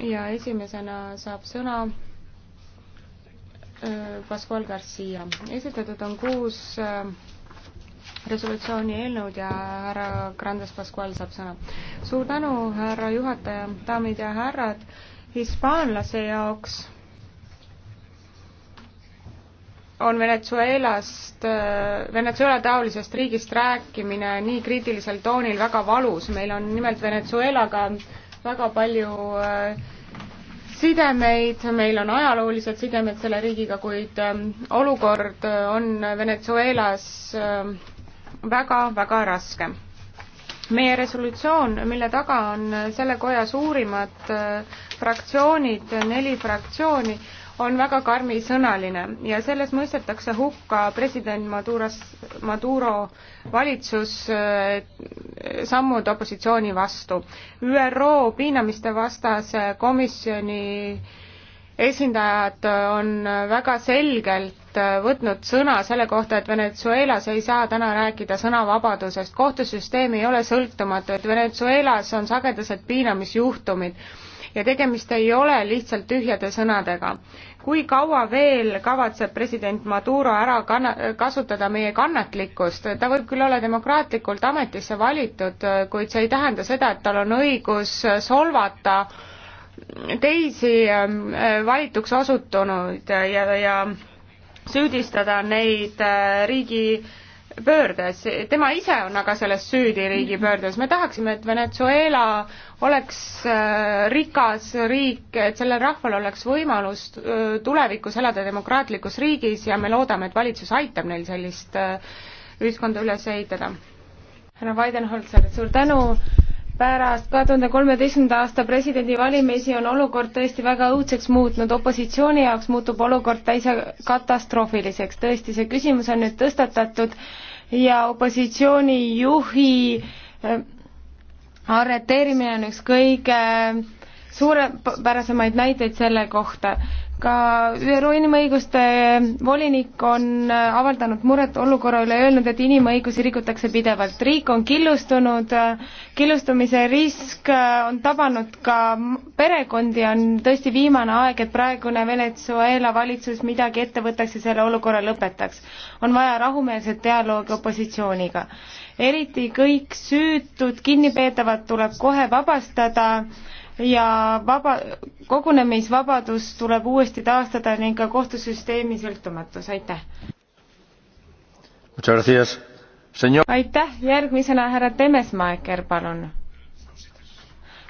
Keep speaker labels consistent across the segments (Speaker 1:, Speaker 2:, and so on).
Speaker 1: ja esimesena saab sõna äh, Pascual Garcia. esitatud on kuus äh, resolutsiooni eelnõud ja härra Grandes Pascual saab sõna. suur tänu, härra juhataja, daamid ja härrad, hispaanlase jaoks on Venezuelast, äh, Venezuela taolisest riigist rääkimine nii kriitilisel toonil väga valus, meil on nimelt Venezuelaga ka väga palju äh, sidemeid, meil on ajaloolised sidemed selle riigiga, kuid ähm, olukord äh, on Venezuelas väga-väga äh, raske. meie resolutsioon, mille taga on selle koja suurimad fraktsioonid, neli fraktsiooni, on väga karmisõnaline ja selles mõistetakse hukka president Maduras, Maduro valitsus eh, sammud opositsiooni vastu. ÜRO piinamiste vastase komisjoni esindajad on väga selgelt võtnud sõna selle kohta, et Venezuelas ei saa täna rääkida sõnavabadusest, kohtusüsteem ei ole sõltumatu, et Venezuelas on sagedaselt piinamisjuhtumid ja tegemist ei ole lihtsalt tühjade sõnadega. kui kaua veel kavatseb president Maduro ära kanna-, kasutada meie kannatlikkust, ta võib küll olla demokraatlikult ametisse valitud, kuid see ei tähenda seda, et tal on õigus solvata teisi ähm, äh, valituks osutunuid ja, ja süüdistada neid äh, riigi äh, pöördes, tema ise on aga selles süüdi riigipöördes, me tahaksime, et Venezuela oleks äh, rikas riik, et sellel rahval oleks võimalus äh, tulevikus elada demokraatlikus riigis ja me loodame, et valitsus aitab neil sellist äh, ühiskonda üles ehitada. härra Weidenholzer, suur tänu pärast kahe tuhande kolmeteistkümnenda aasta presidendivalimisi on olukord tõesti väga õudseks muutnud, opositsiooni jaoks muutub olukord täitsa katastroofiliseks, tõesti, see küsimus on nüüd tõstatatud ja opositsioonijuhi äh, arreteerimine on üks kõige suurepärasemaid näiteid selle kohta ka ÜRO inimõiguste volinik on äh, avaldanud muret olukorra üle, öelnud, et inimõigusi rikutakse pidevalt. riik on killustunud, äh, killustumise risk äh, on tabanud ka perekondi, on tõesti viimane aeg, et praegune Venezuela valitsus midagi ette võtaks ja selle olukorra lõpetaks. on vaja rahumeelset dialoogi opositsiooniga. eriti kõik süütud kinnipeetavad tuleb kohe vabastada ja vaba, kogunemisvabadus tuleb uuesti taastada ning ka kohtusüsteemi sõltumatus, aitäh! aitäh, järgmisena härra Temesmaeker, palun!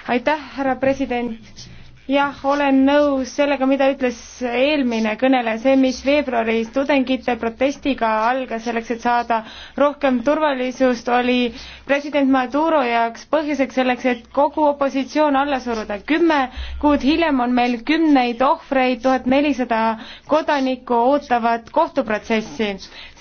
Speaker 1: aitäh, härra president! jah, olen nõus sellega, mida ütles eelmine kõneleja, see, mis veebruaris tudengite protestiga algas selleks, et saada rohkem turvalisust, oli president Maduro jaoks põhjuseks selleks, et kogu opositsioon alla suruda. kümme kuud hiljem on meil kümneid ohvreid, tuhat nelisada kodanikku ootavad kohtuprotsessi.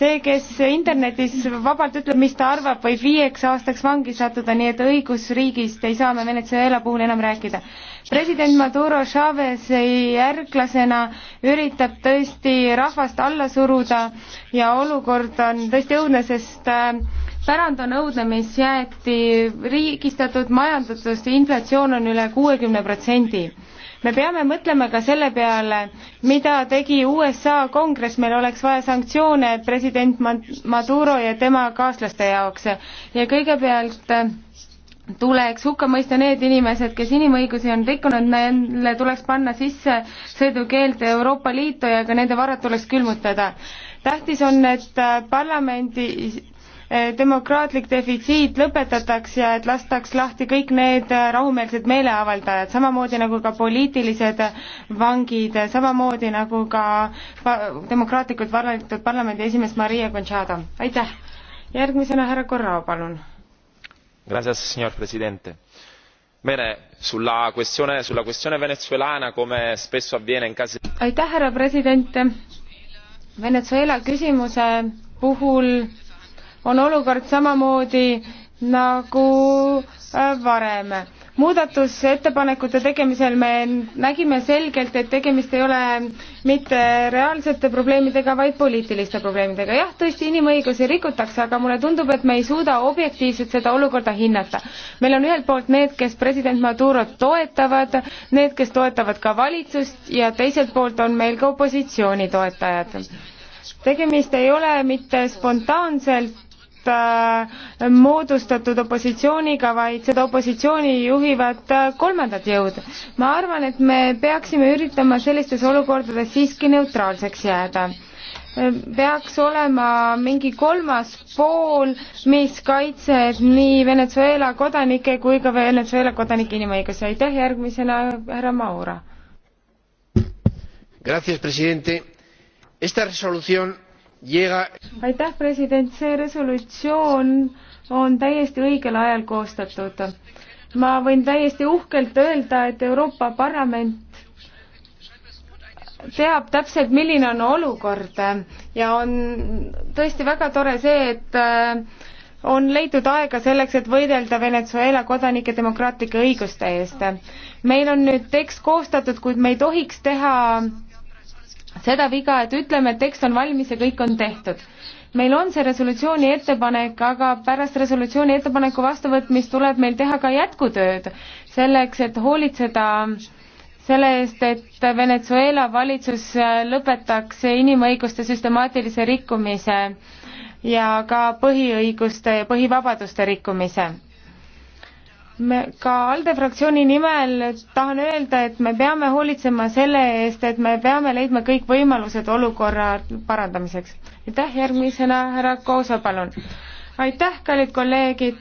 Speaker 1: see, kes internetis vabalt ütleb, mis ta arvab, võib viieks aastaks vangi sattuda, nii et õigusriigist ei saa me Venezuela puhul enam rääkida president Maduro Chavez'i järglasena üritab tõesti rahvast alla suruda ja olukord on tõesti õudne, sest äh, pärand on õudne, mis jäeti riigistatud majandatud, inflatsioon on üle kuuekümne protsendi me peame mõtlema ka selle peale, mida tegi USA kongress, meil oleks vaja sanktsioone president Maduro ja tema kaaslaste jaoks ja kõigepealt äh, tuleks hukka mõista need inimesed, kes inimõigusi on rikkunud, neile tuleks panna sisse sõidukeeld Euroopa Liitu ja ka nende varad tuleks külmutada. tähtis on, et äh, parlamendi äh, demokraatlik defitsiit lõpetataks ja et lastaks lahti kõik need äh, rahumeelsed meeleavaldajad, samamoodi nagu ka poliitilised vangid, samamoodi nagu ka demokraatlikult valitud parlamendi esimees Maria Gonchado. aitäh! järgmisena härra Korrao, palun signor presidente sulla questione venezuelana come spesso avviene in casi. aitäh härra president! venezuela küsimuse puhul on olukord samamoodi nagu äh, varem muudatusettepanekute tegemisel me nägime selgelt, et tegemist ei ole mitte reaalsete probleemidega, vaid poliitiliste probleemidega. jah, tõesti, inimõigusi rikutakse, aga mulle tundub, et me ei suuda objektiivselt seda olukorda hinnata. meil on ühelt poolt need, kes president Madurot toetavad, need, kes toetavad ka valitsust ja teiselt poolt on meil ka opositsiooni toetajad tegemist ei ole mitte spontaanselt Äh, moodustatud opositsiooniga, vaid seda opositsiooni juhivad äh, kolmandad jõud. ma arvan, et me peaksime üritama sellistes olukordades siiski neutraalseks jääda äh, peaks olema mingi kolmas pool, mis kaitseb nii Venezuela kodanikke kui ka Venezuela kodanike inimõigusi. aitäh, järgmisena härra Maura. Gracias, presidente. Esta resolución aitäh, president, see resolutsioon on täiesti õigel ajal koostatud. ma võin täiesti uhkelt öelda, et Euroopa Parlament teab täpselt, milline on olukord ja on tõesti väga tore see, et äh, on leitud aega selleks, et võidelda Venezuela kodanike demokraatlike õiguste eest. meil on nüüd tekst koostatud, kuid me ei tohiks teha seda viga, et ütleme, et tekst on valmis ja kõik on tehtud. meil on see resolutsiooni ettepanek, aga pärast resolutsiooni ettepaneku vastuvõtmist tuleb meil teha ka jätkutööd selleks, et hoolitseda selle eest, et Venezuela valitsus lõpetaks inimõiguste süstemaatilise rikkumise ja ka põhiõiguste ja põhivabaduste rikkumise me ka ALDE fraktsiooni nimel tahan öelda, et me peame hoolitsema selle eest, et me peame leidma kõik võimalused olukorra parandamiseks. aitäh, järgmisena härra Koosa, palun. aitäh, kallid kolleegid.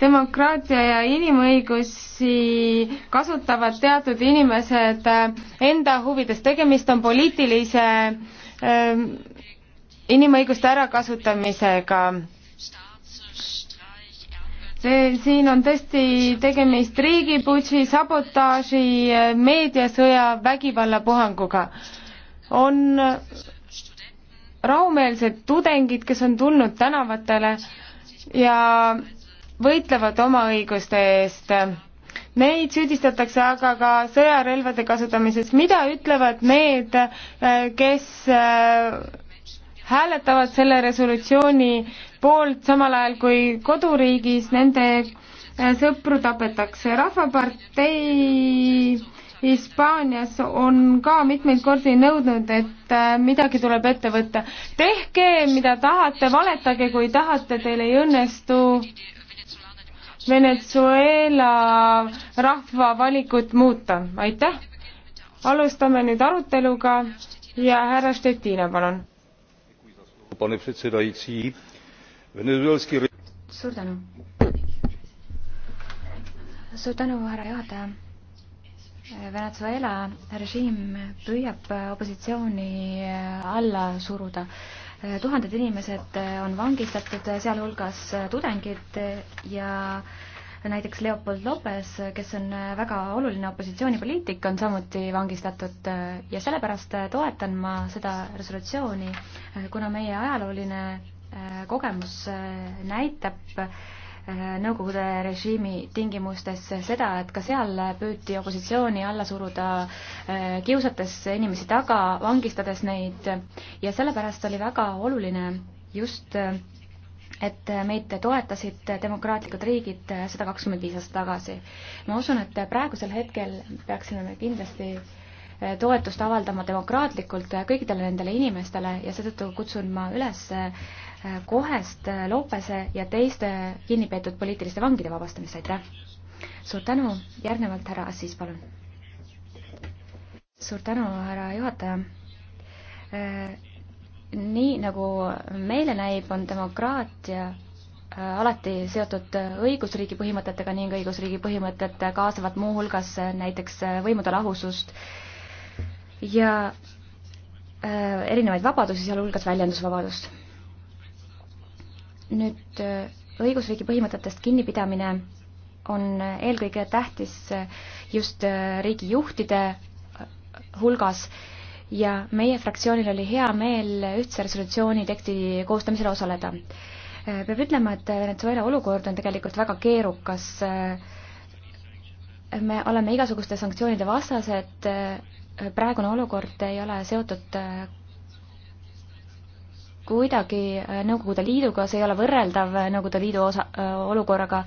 Speaker 1: demokraatia ja inimõigusi kasutavad teatud inimesed enda huvides, tegemist on poliitilise ähm, inimõiguste ärakasutamisega see, siin on tõesti tegemist riigiputši, sabotaaži, eh, meediasõja, vägivallapuhanguga. on rahumeelsed tudengid, kes on tulnud tänavatele ja võitlevad oma õiguste eest. Neid süüdistatakse aga ka sõjarelvade kasutamises. mida ütlevad need, eh, kes eh, hääletavad selle resolutsiooni poolt, samal ajal kui koduriigis nende äh, sõpru tapetakse. rahvapartei Hispaanias on ka mitmeid kordi nõudnud, et äh, midagi tuleb ette võtta. tehke, mida tahate, valetage, kui tahate, teil ei õnnestu Venezuela rahva valikut muuta. aitäh! alustame nüüd aruteluga ja härra Stettina, palun
Speaker 2: suur tänu. suur tänu, härra juhataja. Venezuela režiim püüab opositsiooni alla suruda tuhanded inimesed on vangistatud, sealhulgas tudengid ja näiteks Leopold Lopez, kes on väga oluline opositsioonipoliitik, on samuti vangistatud ja sellepärast toetan ma seda resolutsiooni, kuna meie ajalooline kogemus äh, näitab äh, Nõukogude režiimi tingimustes seda, et ka seal püüti opositsiooni alla suruda, äh, kiusates inimesi taga, vangistades neid ja sellepärast oli väga oluline just et meid toetasid demokraatlikud riigid sada kakskümmend viis aastat tagasi. ma usun, et praegusel hetkel peaksime me kindlasti toetust avaldama demokraatlikult kõikidele nendele inimestele ja seetõttu kutsun ma üles kohest Lopese ja teiste kinnipeetud poliitiliste vangide vabastamist, aitäh! suur tänu, järgnevalt härra Assis, palun! suur tänu, härra juhataja! Äh, nii nagu meile näib, on demokraatia äh, alati seotud õigusriigi põhimõtetega ning õigusriigi põhimõtted kaasavad muuhulgas näiteks võimude lahusust ja äh, erinevaid vabadusi, sealhulgas väljendusvabadust nüüd äh, õigusriigi põhimõtetest kinnipidamine on eelkõige tähtis äh, just äh, riigijuhtide hulgas ja meie fraktsioonil oli hea meel ühtse resolutsiooni teksti koostamisel osaleda. peab ütlema, et Venezuela olukord on tegelikult väga keerukas. me oleme igasuguste sanktsioonide vastased, praegune olukord ei ole seotud kuidagi äh, Nõukogude Liiduga, see ei ole võrreldav äh, Nõukogude Liidu osa, äh, olukorraga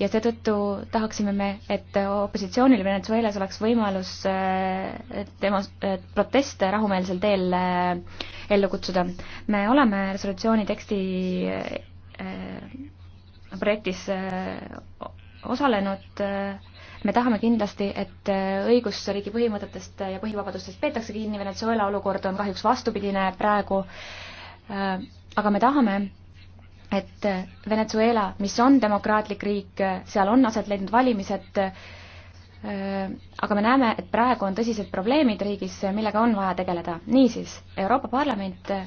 Speaker 2: ja seetõttu tahaksime me, et opositsioonil Venezuelas oleks võimalus demo-, proteste rahumeelsel teel ellu kutsuda. me oleme resolutsiooni teksti projektis osalenud me tahame kindlasti, et õigusriigi põhimõtetest ja põhivabadustest peetakse kinni, Venezuela olukord on kahjuks vastupidine praegu äh, Äh, aga me tahame, et Venezuela, mis on demokraatlik riik, seal on aset leidnud valimised, äh, aga me näeme, et praegu on tõsised probleemid riigis, millega on vaja tegeleda. niisiis, Euroopa Parlament äh,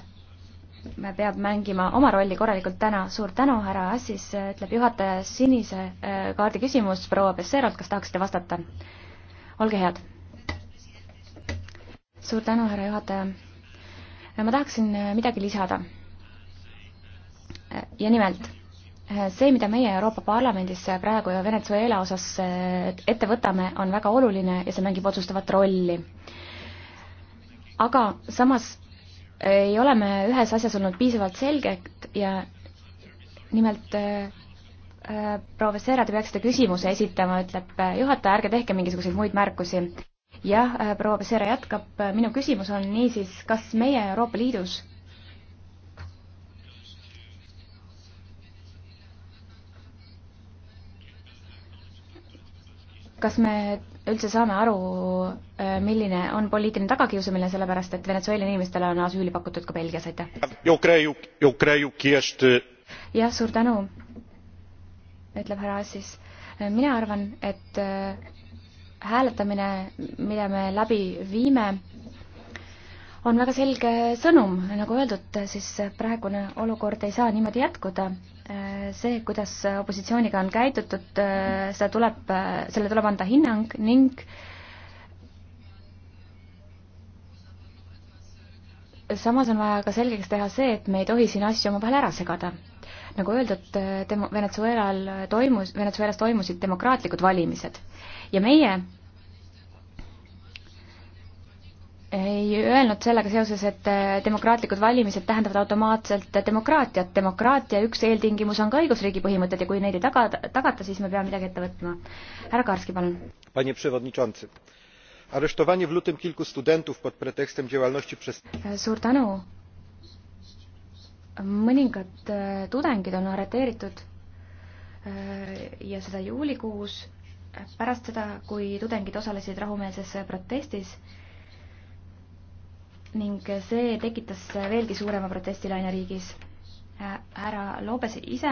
Speaker 2: peab mängima oma rolli korralikult täna. suur tänu, härra Assis, ütleb juhataja sinise kaardi küsimus proua Besserolt, kas tahaksite vastata? olge head. suur tänu, härra juhataja ma tahaksin äh, midagi lisada. Äh, ja nimelt, äh, see, mida meie Euroopa Parlamendis praegu ja Venezuela osas ette võtame, on väga oluline ja see mängib otsustavat rolli. aga samas ei ole me ühes asjas olnud piisavalt selged ja nimelt proua Vessera, te peaksite küsimuse esitama, ütleb juhataja, ärge tehke mingisuguseid muid märkusi jah, äh, proua Pesera jätkab, äh, minu küsimus on niisiis, kas meie Euroopa Liidus kas me üldse saame aru, äh, milline on poliitiline tagakiusamine, sellepärast et Venezuela inimestele on asüüli pakutud ka Belgias, aitäh. jah, suur tänu, ütleb härra Assis. mina arvan, et hääletamine, mille me läbi viime, on väga selge sõnum, nagu öeldud, siis praegune olukord ei saa niimoodi jätkuda. see, kuidas opositsiooniga on käidutud, seda tuleb, selle tuleb anda hinnang ning samas on vaja ka selgeks teha see, et me ei tohi siin asju omavahel ära segada nagu öeldud, demo-, Venezuelal toimus, Venezuelas toimusid demokraatlikud valimised ja meie ei öelnud sellega seoses, et demokraatlikud valimised tähendavad automaatselt demokraatiat. demokraatia üks eeltingimus on ka õigusriigi põhimõtted ja kui neid ei taga, tagata, siis me peame midagi ette võtma. härra Karski, palun.
Speaker 1: Panie przewodniczący, aresztowanie w lutym kilku studentów pod pretekstem działalności przez...
Speaker 2: suur tänu mõningad äh, tudengid on arreteeritud äh, ja seda juulikuus äh, pärast seda, kui tudengid osalesid rahumeelses protestis ning see tekitas veelgi suurema protestilaine riigis. härra Loobes ise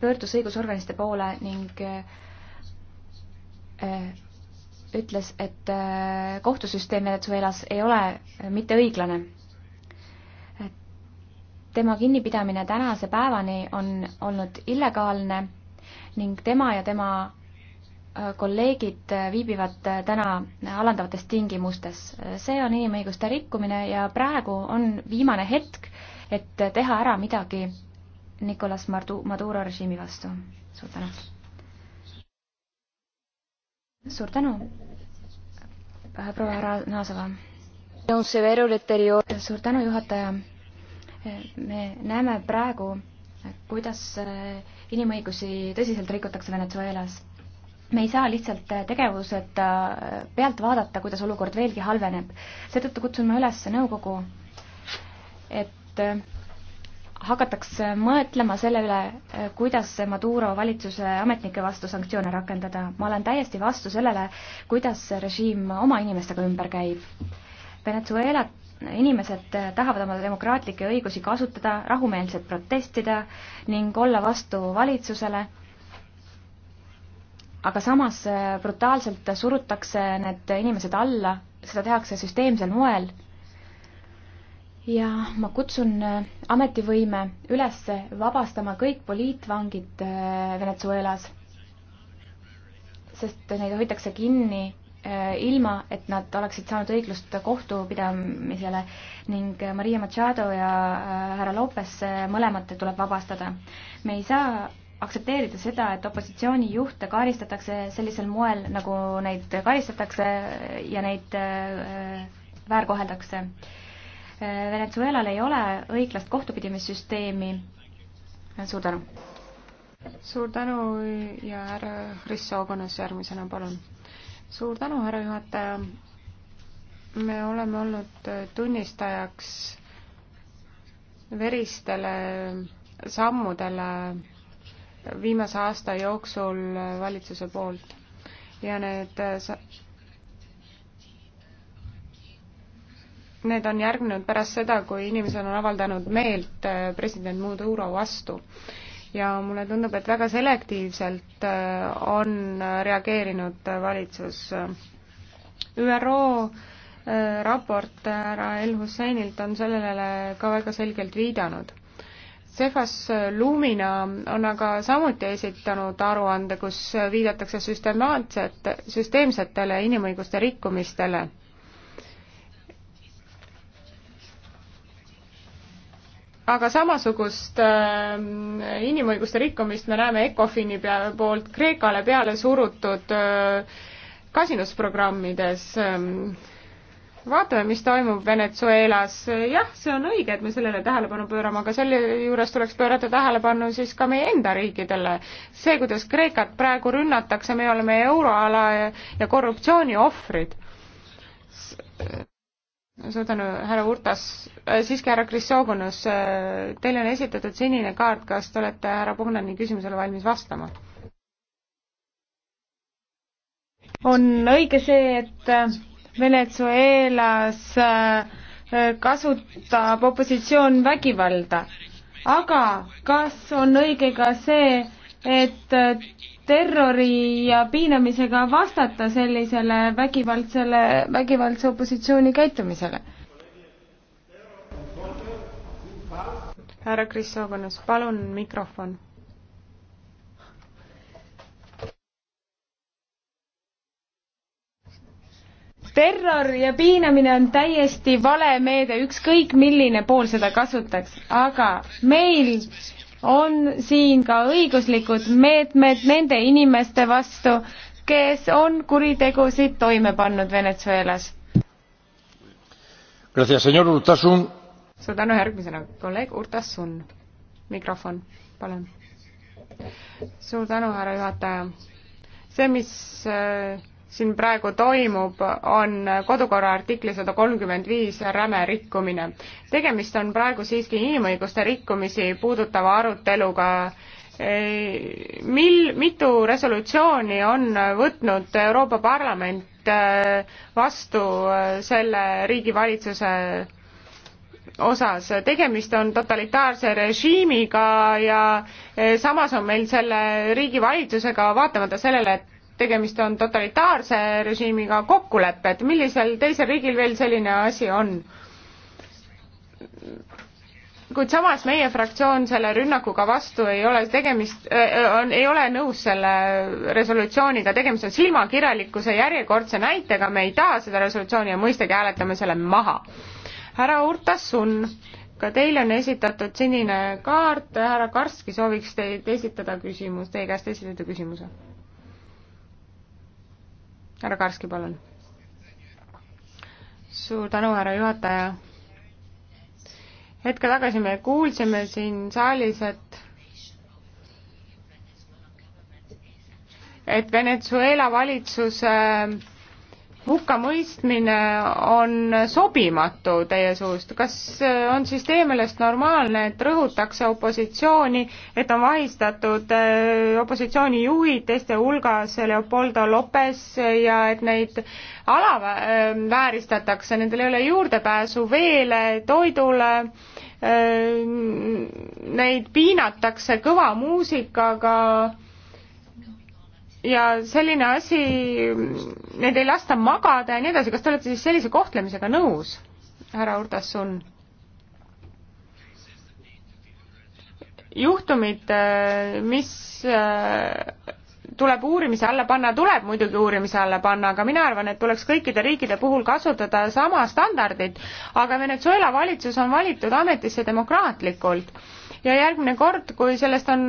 Speaker 2: pöördus õigusorganiste poole ning äh, Äh, ütles, et äh, kohtusüsteem Venezuelas ei ole äh, mitte õiglane. tema kinnipidamine tänase päevani on olnud illegaalne ning tema ja tema kolleegid viibivad täna alandavates tingimustes. see on inimõiguste rikkumine ja praegu on viimane hetk, et teha ära midagi Nicolas Maduro režiimi vastu. suur tänu! suur tänu, proua Naasova. suur tänu, juhataja. me näeme praegu, kuidas inimõigusi tõsiselt rikutakse Venezuelas me ei saa lihtsalt tegevused pealt vaadata, kuidas olukord veelgi halveneb. seetõttu kutsun ma üles nõukogu, et hakatakse mõtlema selle üle, kuidas Maduro valitsuse ametnike vastu sanktsioone rakendada. ma olen täiesti vastu sellele, kuidas režiim oma inimestega ümber käib. Venezuela inimesed tahavad oma demokraatlikke õigusi kasutada, rahumeelselt protestida ning olla vastu valitsusele, aga samas brutaalselt surutakse need inimesed alla, seda tehakse süsteemsel moel ja ma kutsun äh, ametivõime üles vabastama kõik poliitvangid äh, Venezuelas, sest neid hoitakse kinni äh, ilma, et nad oleksid saanud õiglust kohtupidamisele ning Maria Machado ja härra Lopes mõlemat tuleb vabastada. me ei saa aktsepteerida seda, et opositsioonijuhte karistatakse sellisel moel, nagu neid karistatakse ja neid väärkoheldakse äh, Äh, Venezuelal ei ole õiglast kohtupidimissüsteemi. suur tänu. suur tänu
Speaker 1: ja härra Hristsoogonas järgmisena, palun. suur tänu, härra juhataja. me oleme olnud tunnistajaks veristele sammudele viimase aasta jooksul valitsuse poolt ja need need on järgnenud pärast seda, kui inimesed on avaldanud meelt äh, president Maduro vastu. ja mulle tundub, et väga selektiivselt äh, on äh, reageerinud valitsus. ÜRO raport härra El Husseinilt on sellele ka väga selgelt viidanud Cefas Lumina on aga samuti esitanud aruande, kus viidatakse süstemaatset, süsteemsetele inimõiguste rikkumistele aga samasugust äh, inimõiguste rikkumist me näeme ECOFIN-i pea-, poolt Kreekale peale surutud äh, kasinusprogrammides äh,. vaatame, mis toimub Venezuelas, jah, see on õige, et me sellele tähelepanu pöörame, aga selle juures tuleks pöörata tähelepanu siis ka meie enda riikidele. see, kuidas Kreekat praegu rünnatakse, me oleme euroala ja, ja korruptsiooni ohvrid suur tänu, härra Urtas äh,, siiski härra Krissogonus äh,, teile on esitatud sinine kaart, kas te olete härra Puhnani küsimusele valmis vastama? on õige see, et äh, Venezuelas äh, kasutab opositsioon vägivalda, aga kas on õige ka see, et äh, terrori ja piinamisega vastata sellisele vägivaldsele, vägivaldse opositsiooni käitumisele? härra Kris Sookonnas, palun mikrofon terror ja piinamine on täiesti vale meede, ükskõik milline pool seda kasutaks, aga meil on siin ka õiguslikud meetmed nende inimeste vastu, kes on kuritegusid toime pannud Venezuelas. suur tänu, järgmisena kolleeg Urtasun. mikrofon, palun. suur tänu, härra juhataja. see, mis äh, siin praegu toimub, on kodukorra artikli sada kolmkümmend viis räme rikkumine. tegemist on praegu siiski inimõiguste rikkumisi puudutava aruteluga mil, mitu resolutsiooni on võtnud Euroopa Parlament äh, vastu äh, selle riigivalitsuse osas, tegemist on totalitaarse režiimiga ja äh, samas on meil selle riigivalitsusega, vaatamata sellele, et tegemist on totalitaarse režiimiga kokkulepped, millisel teisel riigil veel selline asi on? kuid samas meie fraktsioon selle rünnakuga vastu ei ole tegemist, äh, on, ei ole nõus selle resolutsiooniga, tegemist on silmakirjalikkuse järjekordse näitega, me ei taha seda resolutsiooni ja mõistagi hääletame selle maha. härra Urtasun, ka teile on esitatud sinine kaart, härra Karski sooviks teid esitada küsimus, teie käest esitada küsimuse härra Karski, palun. suur tänu, härra juhataja. hetke tagasi me kuulsime siin saalis, et et Venezuela valitsuse äh, hukkamõistmine on sobimatu teie suust, kas on siis teie meelest normaalne, et rõhutakse opositsiooni, et on vahistatud äh, opositsioonijuhid, teiste hulgas Leopoldo Lopes ja et neid alavääristatakse, äh, nendel ei ole juurdepääsu veele, toidule, äh, neid piinatakse kõva muusikaga ja selline asi, neid ei lasta magada ja nii edasi, kas te olete siis sellise kohtlemisega nõus, härra Urtasun? juhtumid, äh, mis äh, tuleb uurimise alla panna, tuleb muidugi uurimise alla panna, aga mina arvan, et tuleks kõikide riikide puhul kasutada sama standardit, aga Venezuela valitsus on valitud ametisse demokraatlikult ja järgmine kord, kui sellest on,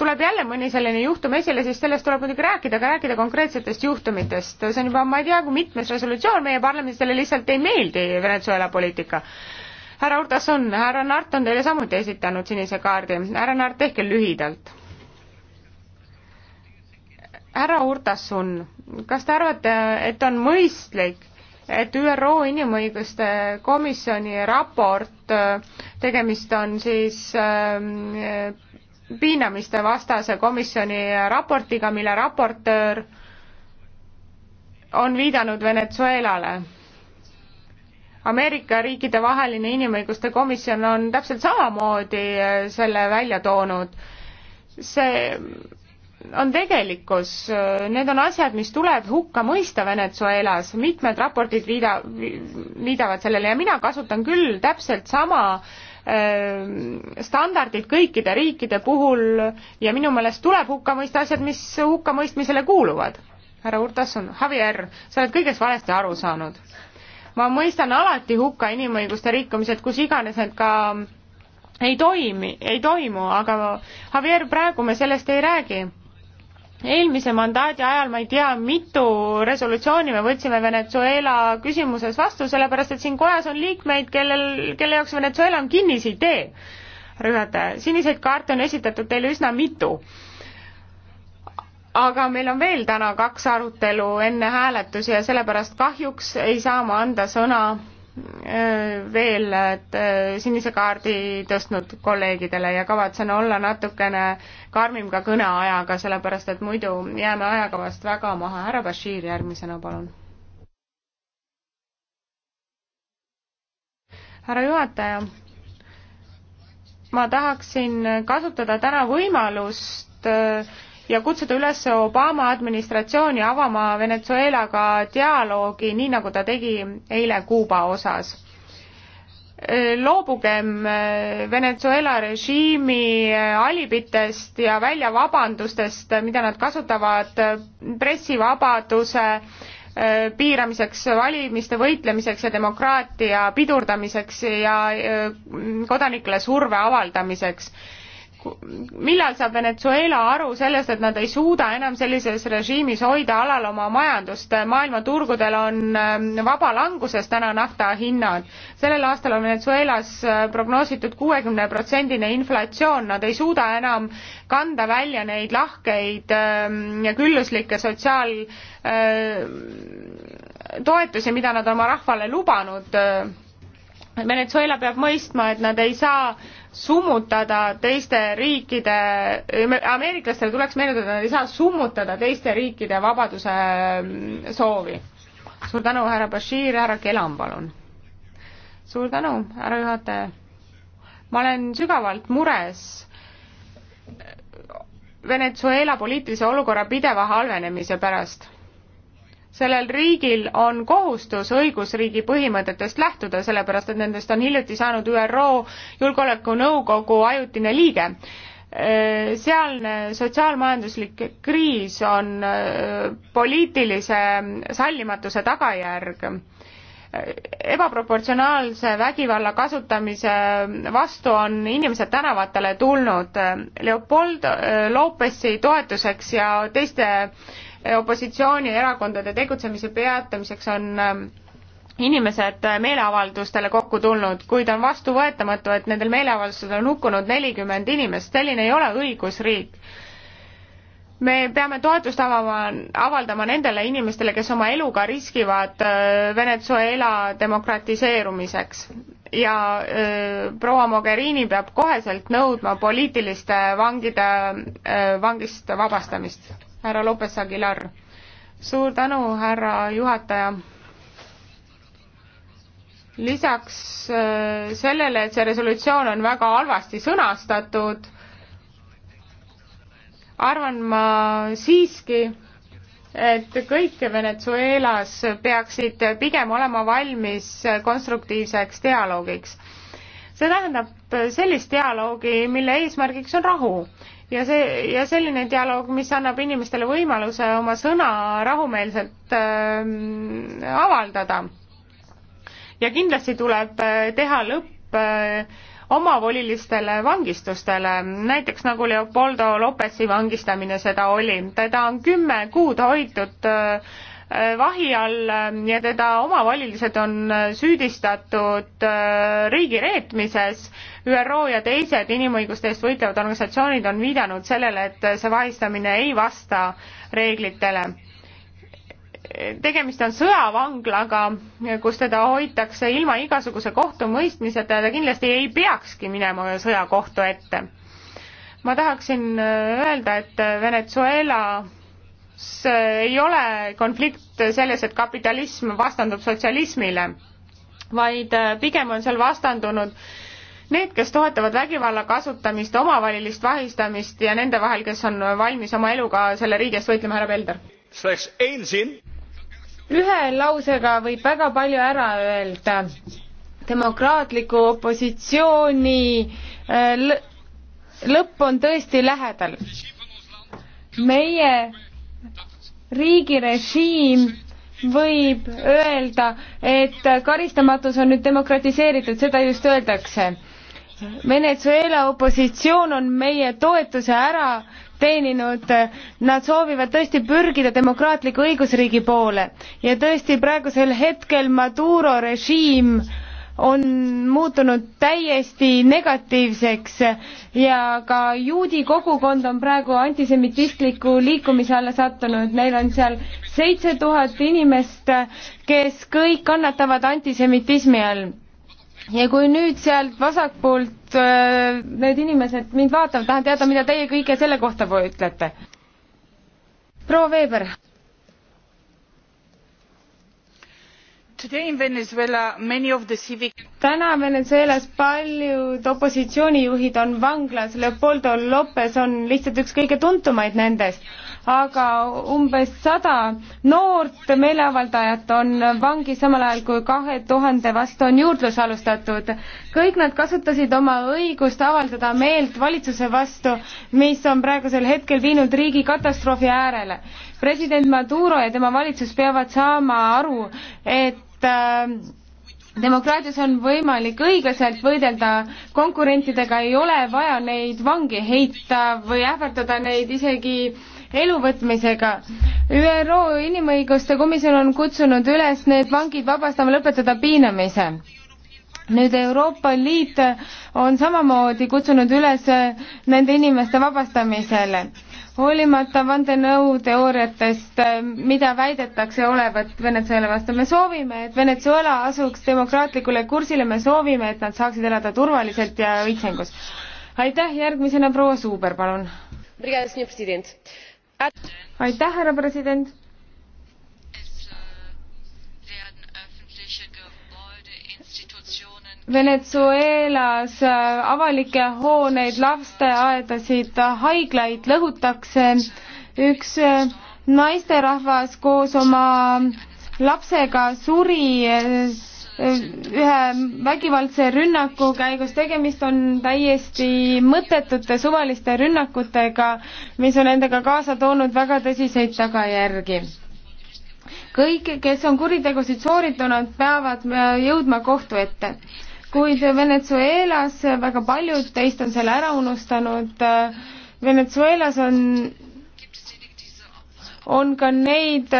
Speaker 1: tuleb jälle mõni selline juhtum esile, siis sellest tuleb muidugi rääkida, aga rääkida konkreetsetest juhtumitest. see on juba, ma ei tea, kui mitmes resolutsioon, meie parlamendile lihtsalt ei meeldi Venezuela poliitika. härra Urtasun, härra Nart on teile samuti esitanud sinise kaardi. härra Nart, tehke lühidalt. härra Urtasun, kas te arvate, et on mõistlik, et ÜRO inimõiguste komisjoni raport poolt, äh, tegemist on siis ähm, piinamiste vastase komisjoni raportiga, mille raportöör on viidanud Venezuelale. Ameerika riikide vaheline inimõiguste komisjon on täpselt samamoodi äh, selle välja toonud. see on tegelikkus, need on asjad, mis tuleb hukka mõista Venezuelas, mitmed raportid viida, viidavad sellele ja mina kasutan küll täpselt sama äh, standardid kõikide riikide puhul ja minu meelest tuleb hukka mõista asjad, mis hukkamõistmisele kuuluvad. härra Urtasson, Javier, sa oled kõigest valesti aru saanud. ma mõistan alati hukka inimõiguste rikkumised, kus iganes need ka ei toimi, ei toimu, aga Javier, praegu me sellest ei räägi eelmise mandaadi ajal ma ei tea, mitu resolutsiooni me võtsime Venezuela küsimuses vastu, sellepärast et siin kojas on liikmeid, kellel, kelle jaoks Venezuela on kinnisidee. härra juhataja, siniseid kaarte on esitatud teile üsna mitu. aga meil on veel täna kaks arutelu enne hääletusi ja sellepärast kahjuks ei saa ma anda sõna Äh, veel äh, sinise kaardi tõstnud kolleegidele ja kavatsen olla natukene karmim ka kõneajaga, sellepärast et muidu jääme ajakavast väga maha. härra Bashir järgmisena, palun. härra juhataja, ma tahaksin kasutada täna võimalust äh, ja kutsuda üles Obama administratsiooni avama Venezuelaga dialoogi, nii nagu ta tegi eile Kuuba osas. loobugem Venezuela režiimi alibitest ja väljavabandustest, mida nad kasutavad pressivabaduse piiramiseks, valimiste võitlemiseks ja demokraatia pidurdamiseks ja kodanikele surve avaldamiseks millal saab Venezuela aru sellest, et nad ei suuda enam sellises režiimis hoida alal oma majandust, maailmaturgudel on ähm, vaba languses täna nafta hinnad. sellel aastal on Venezuelas äh, prognoositud kuuekümne protsendine inflatsioon, nad ei suuda enam kanda välja neid lahkeid ähm, ja külluslikke sotsiaaltoetusi, äh, mida nad oma rahvale lubanud äh, Venezuela peab mõistma, et nad ei saa summutada teiste riikide, ameeriklastele tuleks meenutada, nad ei saa summutada teiste riikide vabaduse mm, soovi. suur tänu, härra Bashir, härra Kelam, palun. suur tänu, härra juhataja. ma olen sügavalt mures Venezuela poliitilise olukorra pideva halvenemise pärast sellel riigil on kohustus õigusriigi põhimõtetest lähtuda, sellepärast et nendest on hiljuti saanud ÜRO Julgeolekunõukogu ajutine liige. Äh, sealne sotsiaalmajanduslik kriis on äh, poliitilise sallimatuse tagajärg äh, ebaproportsionaalse vägivalla kasutamise vastu on inimesed tänavatele tulnud. Leopold Lopesi toetuseks ja teiste Äh, opositsioonierakondade tegutsemise peatamiseks on ähm, inimesed äh, meeleavaldustele kokku tulnud, kuid on vastuvõetamatu, et nendel meeleavaldustel on hukkunud nelikümmend inimest, selline ei ole õigusriik. me peame toetust avama, avaldama nendele inimestele, kes oma eluga riskivad äh, Venezuela demokratiseerumiseks ja öö, proua Mogherini peab koheselt nõudma poliitiliste vangide öö, vangist vabastamist härra Lopes Aguilar. suur tänu, härra juhataja. lisaks äh, sellele, et see resolutsioon on väga halvasti sõnastatud, arvan ma siiski, et kõik Venezuelas peaksid pigem olema valmis konstruktiivseks dialoogiks. see tähendab sellist dialoogi, mille eesmärgiks on rahu ja see, ja selline dialoog, mis annab inimestele võimaluse oma sõna rahumeelselt äh, avaldada. ja kindlasti tuleb äh, teha lõpp äh, omavolilistele vangistustele, näiteks nagu Leopoldo Lopesi vangistamine seda oli, teda on kümme kuud hoitud äh, Äh, vahi all äh, ja teda omavoliliselt on äh, süüdistatud riigi reetmises. ÜRO ja teised inimõiguste eest võitlevad organisatsioonid on viidanud sellele, et see vahistamine ei vasta reeglitele. tegemist on sõjavanglaga, kus teda hoitakse ilma igasuguse kohtumõistmiseta ja ta kindlasti ei peakski minema sõjakohtu ette. ma tahaksin öelda, et Venezuela ei ole konflikt selles, et kapitalism vastandub sotsialismile, vaid äh, pigem on seal vastandunud need, kes toetavad vägivalla kasutamist, omavalilist vahistamist ja nende vahel, kes on valmis oma eluga selle riigi eest võitlema, härra Pelder. ühe lausega võib väga palju ära öelda. demokraatliku opositsiooni äh, lõpp on tõesti lähedal. meie riigirežiim võib öelda, et karistamatus on nüüd demokratiseeritud, seda just öeldakse. Venezuela opositsioon on meie toetuse ära teeninud, nad soovivad tõesti pürgida demokraatliku õigusriigi poole ja tõesti praegusel hetkel Maduro režiim äh, on muutunud täiesti negatiivseks ja ka juudi kogukond on praegu antisemitistliku liikumise alla sattunud, neil on seal seitse tuhat inimest, kes kõik kannatavad antisemitismi all. ja kui nüüd sealt vasakpoolt äh, need inimesed mind vaatavad, tahan teada, mida teie kõige selle kohta ütlete. proua Veeber täna venezuelas paljud opositsioonijuhid on vanglas leopoldo lopez on lihtsalt üks kõige tuntumaid nendest aga umbes sada noort meeleavaldajat on vangis samal ajal kui kahe tuhande vastu on juurdlus alustatud kõik nad kasutasid oma õigust avaldada meelt valitsuse vastu mis on praegusel hetkel viinud riigi katastroofi äärele president maduro ja tema valitsus peavad saama aru et Äh, demokraatias on võimalik õiglaselt võidelda konkurentidega, ei ole vaja neid vangi heita või ähvardada neid isegi eluvõtmisega. ÜRO Inimõiguste Komisjon on kutsunud üles need vangid vabastama, lõpetada piinamise nüüd Euroopa Liit on samamoodi kutsunud üles nende inimeste vabastamisele hoolimata vandenõuteooriatest, äh, mida väidetakse olevat Venezuela vastu, me soovime, et Venezuela asuks demokraatlikule kursile, me soovime, et nad saaksid elada turvaliselt ja õitsengus. aitäh, järgmisena proua Suuber, palun. aitäh, härra president Venezuelas äh, avalikke hooneid, lasteaedasid, äh, haiglaid lõhutakse. üks äh, naisterahvas koos oma lapsega suri ühe vägivaldse rünnaku käigus, tegemist on täiesti mõttetute suvaliste rünnakutega, mis on endaga kaasa toonud väga tõsiseid tagajärgi. kõik, kes on kuritegusid sooritanud, peavad jõudma kohtu ette kuid Venezuelas väga paljud teist on selle ära unustanud. Venezuelas on, on ka neid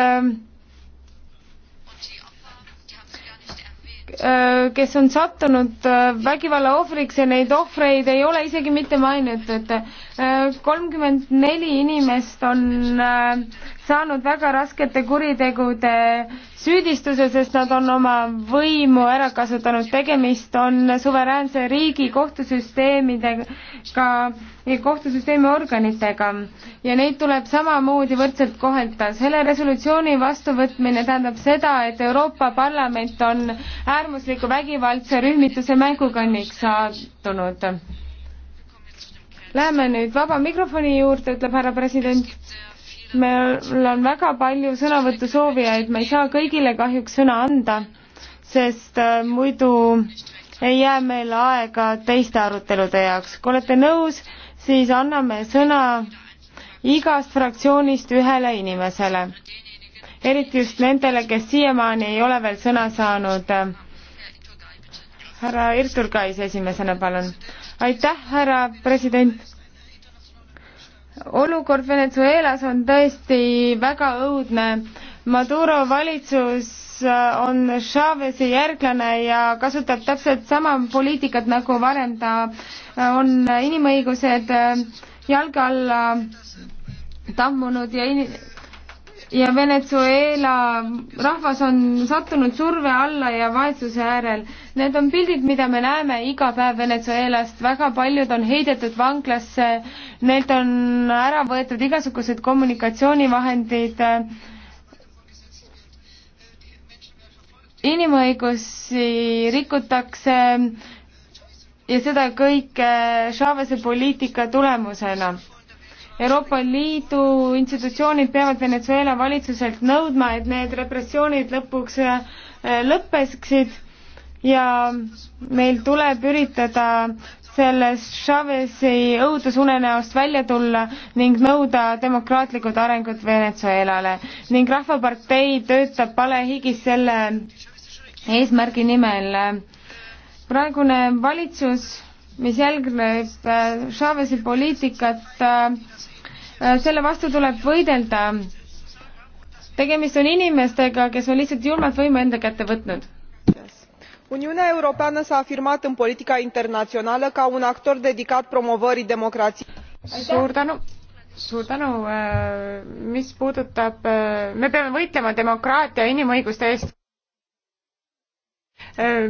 Speaker 1: kes on sattunud vägivalla ohvriks ja neid ohvreid ei ole isegi mitte mainitud. kolmkümmend neli inimest on saanud väga raskete kuritegude süüdistuse, sest nad on oma võimu ära kasutanud. tegemist on suveräänse riigi kohtusüsteemidega ja kohtusüsteemi organitega ja neid tuleb samamoodi võrdselt kohelda. selle resolutsiooni vastuvõtmine tähendab seda, et Euroopa Parlament on äärmusliku vägivaldse rühmituse mängukanniks sattunud. Läheme nüüd vaba mikrofoni juurde, ütleb härra president meil on väga palju sõnavõtusoovijaid, ma ei saa kõigile kahjuks sõna anda, sest äh, muidu ei jää meil aega teiste arutelude jaoks. kui olete nõus, siis anname sõna igast fraktsioonist ühele inimesele. eriti just nendele, kes siiamaani ei ole veel sõna saanud. härra Irtur Kais esimesena, palun. aitäh, härra president olukord Venezuelas on tõesti väga õudne. Maduro valitsus äh, on Chavez'i järglane ja kasutab täpselt sama poliitikat nagu varem, ta äh, on inimõigused äh, jalge alla tammunud ja in-, ja Venezuela rahvas on sattunud surve alla ja vaesuse äärel. Need on pildid, mida me näeme iga päev Venezuelast, väga paljud on heidetud vanglasse, neilt on ära võetud igasugused kommunikatsioonivahendid, inimõigusi rikutakse ja seda kõike Chavez'i poliitika tulemusena Euroopa Liidu institutsioonid peavad Venezuela valitsuselt nõudma, et need repressioonid lõpuks äh, lõppeksid ja meil tuleb üritada sellest Chavez'i õudusunenäost välja tulla ning nõuda demokraatlikud arengud Venezuelale ning Rahvapartei töötab palehigis selle eesmärgi nimel. praegune valitsus mis jälgneb äh, Chavez'i poliitikat, äh, äh, selle vastu tuleb võidelda. tegemist on inimestega, kes on lihtsalt julmalt võimu enda kätte võtnud. uniunea europeană s a afirmat în politica internațională ca un actor dedicat promovării democrației. suur tänu suur tänu, mis puudutab, me peame võitlema demokraatia ja inimõiguste eest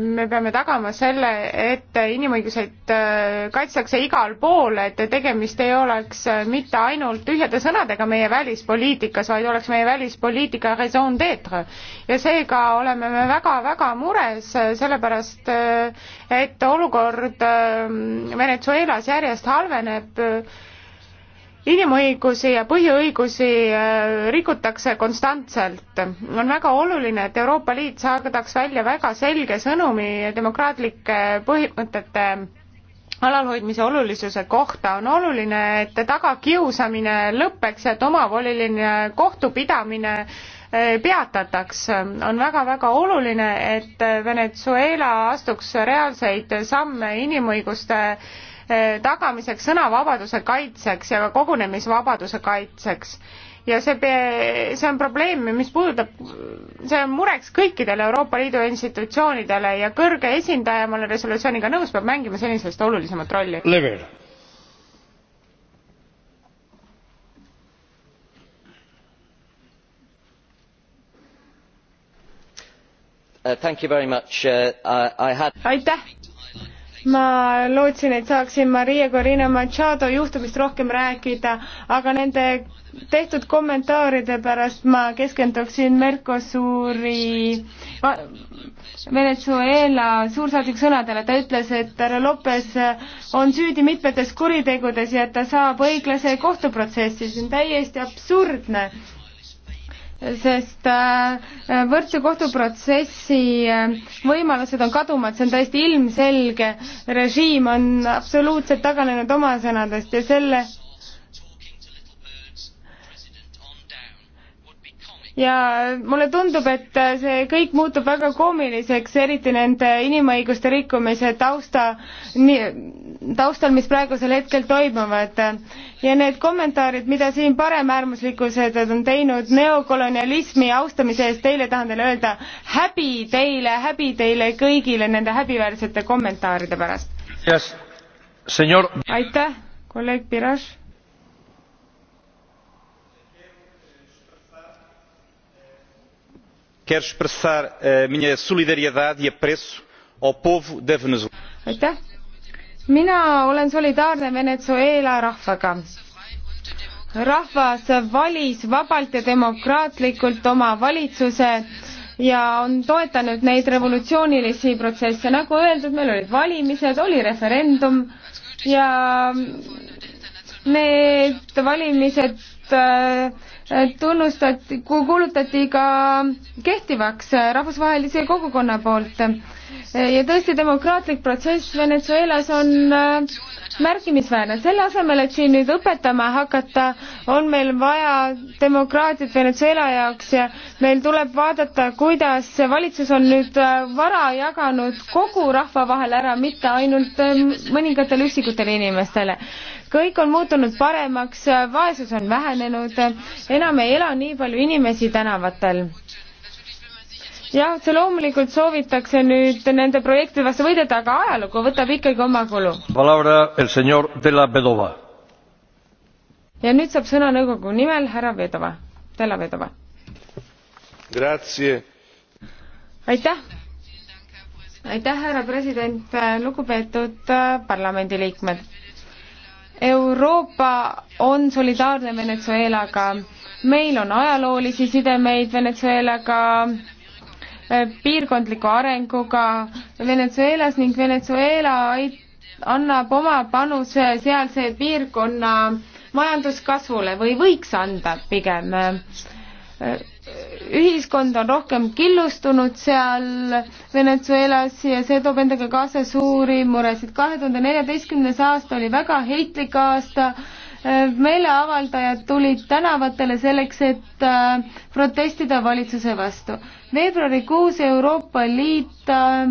Speaker 1: me peame tagama selle, et inimõiguseid äh, kaitstakse igal pool, et tegemist ei oleks äh, mitte ainult tühjade sõnadega meie välispoliitikas, vaid oleks meie välispoliitika raison d'etre. ja seega oleme me väga-väga mures, äh, sellepärast et olukord Venezuelas järjest halveneb inimõigusi ja põhiõigusi äh, rikutakse konstantselt. on väga oluline, et Euroopa Liit saadaks välja väga selge sõnumi demokraatlike põhimõtete alalhoidmise olulisuse kohta. on oluline, et tagakiusamine lõpeks ja et omavoliline kohtupidamine äh, peatataks. on väga-väga oluline, et Venezuela astuks reaalseid samme inimõiguste Eh, tagamiseks, sõnavabaduse kaitseks ja ka kogunemisvabaduse kaitseks ja see, see on probleem, mis puudutab, see on mureks kõikidele Euroopa Liidu institutsioonidele ja kõrge esindaja, ma olen resolutsiooniga nõus, peab mängima senisest olulisemat rolli. Lever. Uh, thank you very much uh,. Uh, I had... aitäh ma lootsin, et saaksin Maria Corina Machado juhtumist rohkem rääkida, aga nende tehtud kommentaaride pärast ma keskenduksin Mercosuri Venezuela suursaadiku sõnadele, ta ütles, et härra Lopes on süüdi mitmetes kuritegudes ja et ta saab õiglase kohtuprotsessi, see on täiesti absurdne sest äh, võrdse kohtuprotsessi äh, võimalused on kadumas, see on täiesti ilmselge. režiim on absoluutselt taganenud oma sõnadest ja selle ja mulle tundub, et see kõik muutub väga koomiliseks, eriti nende inimõiguste rikkumise tausta, taustal, mis praegusel hetkel toimuvad. ja need kommentaarid, mida siin paremäärmuslikkused on teinud neokolonialismi austamise eest, teile tahan teile öelda häbi teile, häbi teile kõigile nende häbiväärsete kommentaaride pärast. aitäh, kolleeg Piraž quero expressar eh, a minha solidariedade e apreço ao povo da Venezuela. aitäh, mina olen solidaarne Venezuela rahvaga. rahvas valis vabalt ja demokraatlikult oma valitsuse ja on toetanud neid revolutsioonilisi protsesse, nagu öeldud, meil olid valimised, oli referendum ja need valimised äh, Äh, tunnustati, kuulutati ka kehtivaks äh, rahvusvahelise kogukonna poolt Eh, ja tõesti, demokraatlik protsess Venezuelas on eh, märkimisväärne. selle asemel, et siin nüüd õpetama hakata, on meil vaja demokraatiat Venezuela jaoks ja meil tuleb vaadata, kuidas valitsus on nüüd eh, vara jaganud kogu rahva vahel ära, mitte ainult mõningatele üksikutele inimestele kõik on muutunud paremaks, vaesus on vähenenud, enam ei ela nii palju inimesi tänavatel jah, otse loomulikult soovitakse nüüd nende projektide vastu võidelda, aga ajalugu võtab ikkagi oma kulu. ja nüüd saab sõna nõukogu nimel härra Vedova, Della Vedova. aitäh, aitäh, härra president, lugupeetud äh, parlamendiliikmed. Euroopa on solidaarne Venezuelaga, meil on ajaloolisi sidemeid Venezuelaga Äh, piirkondliku arenguga Venezuelas ning Venezuela annab oma panuse sealse piirkonna majanduskasvule või võiks anda pigem. Äh, ühiskond on rohkem killustunud seal Venezuelas ja see toob endaga kaasa suuri muresid. kahe tuhande neljateistkümnes aasta oli väga heitlik aasta äh, meeleavaldajad tulid tänavatele selleks, et protestida valitsuse vastu veebruarikuus Euroopa Liit äh,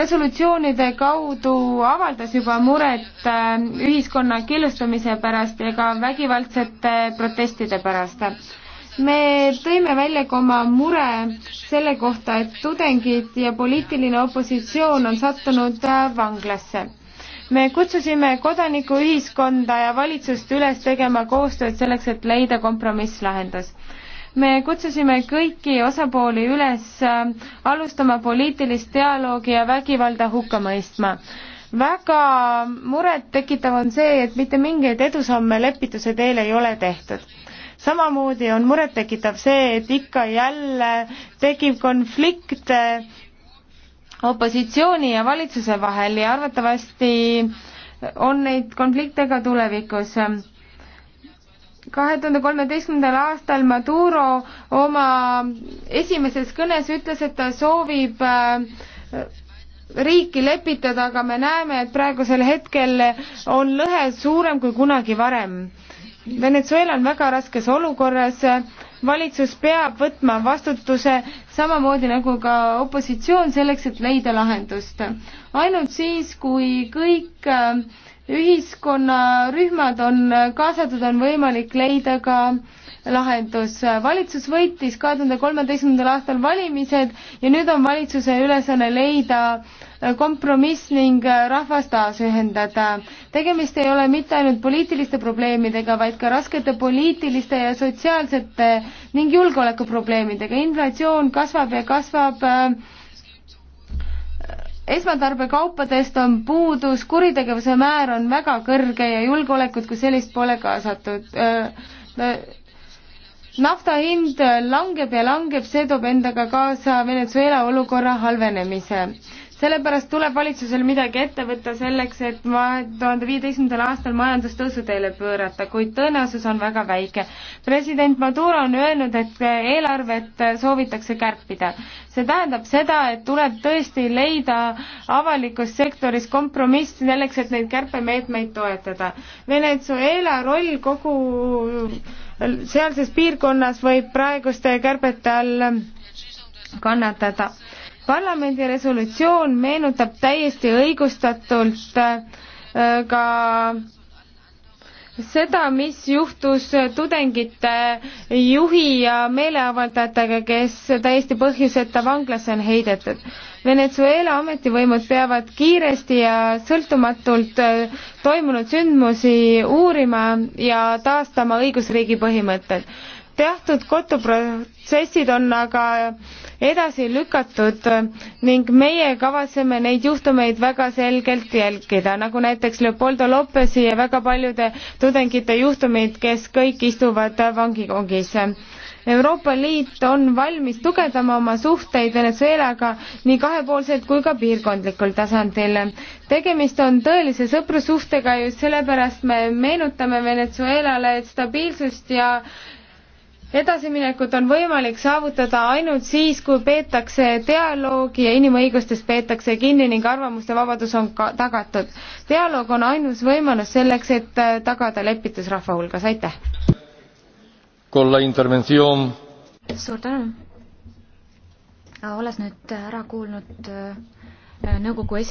Speaker 1: resolutsioonide kaudu avaldas juba muret äh, ühiskonna killustumise pärast ja ka vägivaldsete protestide pärast me tõime välja ka oma mure selle kohta, et tudengid ja poliitiline opositsioon on sattunud äh, vanglasse. me kutsusime kodanikuühiskonda ja valitsust üles tegema koostööd selleks, et leida kompromisslahendus me kutsusime kõiki osapooli üles äh, alustama poliitilist dialoogi ja vägivalda hukka mõistma väga murettekitav on see, et mitte mingeid edusamme lepituse teel ei ole tehtud samamoodi on murettekitav see, et ikka jälle tekib konflikt äh, opositsiooni ja valitsuse vahel ja arvatavasti on neid konflikte ka tulevikus kahe tuhande kolmeteistkümnendal aastal Maduro oma esimeses kõnes ütles, et ta soovib äh, riiki lepitada, aga me näeme, et praegusel hetkel on lõhe suurem kui kunagi varem. Venezuela on väga raskes olukorras, valitsus peab võtma vastutuse, samamoodi nagu ka opositsioon, selleks, et leida lahendust. ainult siis, kui kõik äh, ühiskonnarühmad on kaasatud, on võimalik leida ka lahendus. valitsus võitis kahe tuhande kolmeteistkümnendal aastal valimised ja nüüd on valitsuse ülesanne leida kompromiss ning rahvast taasühendada. tegemist ei ole mitte ainult poliitiliste probleemidega, vaid ka raskete poliitiliste ja sotsiaalsete ning julgeolekuprobleemidega. inflatsioon kasvab ja kasvab äh, esmatarbekaupadest on puudus, kuritegevuse määr on väga kõrge ja julgeolekut kui sellist pole kaasatud. nafta hind langeb ja langeb, see toob endaga kaasa Venezuela olukorra halvenemise sellepärast tuleb valitsusel midagi ette võtta selleks, et ma tuhande viieteistkümnendal aastal majandustõusu teele pöörata, kuid tõenäosus on väga väike. president Maduro on öelnud, et eelarvet soovitakse kärpida. see tähendab seda, et tuleb tõesti leida avalikus sektoris kompromiss selleks, et neid kärpemeetmeid toetada. Venezuela roll kogu sealses piirkonnas võib praeguste kärbete all kannatada parlamendi resolutsioon meenutab täiesti õigustatult äh, ka seda, mis juhtus tudengite juhi ja meeleavaldajatega, kes täiesti põhjuseta vanglasse on heidetud. Venezuela ametivõimud peavad kiiresti ja sõltumatult äh, toimunud sündmusi uurima ja taastama õigusriigi põhimõtted teatud kohtuprotsessid on aga edasi lükatud ning meie kavatseme neid juhtumeid väga selgelt jälgida, nagu näiteks Leopoldo Lopesi ja väga paljude tudengite juhtumid, kes kõik istuvad vangikongis. Euroopa Liit on valmis tugevdama oma suhteid Venezuelaga nii kahepoolselt kui ka piirkondlikul tasandil. tegemist on tõelise sõprussuhtega, just sellepärast me meenutame Venezuelale stabiilsust ja edasiminekut on võimalik saavutada ainult siis, kui peetakse dialoogi ja inimõigustest peetakse kinni ning arvamuste vabadus on ka tagatud. dialoog on ainus võimalus selleks, et äh, tagada lepitus rahva hulgas, aitäh!
Speaker 2: suur tänu! Äh, olles nüüd ära kuulnud äh, nõukogu esimehe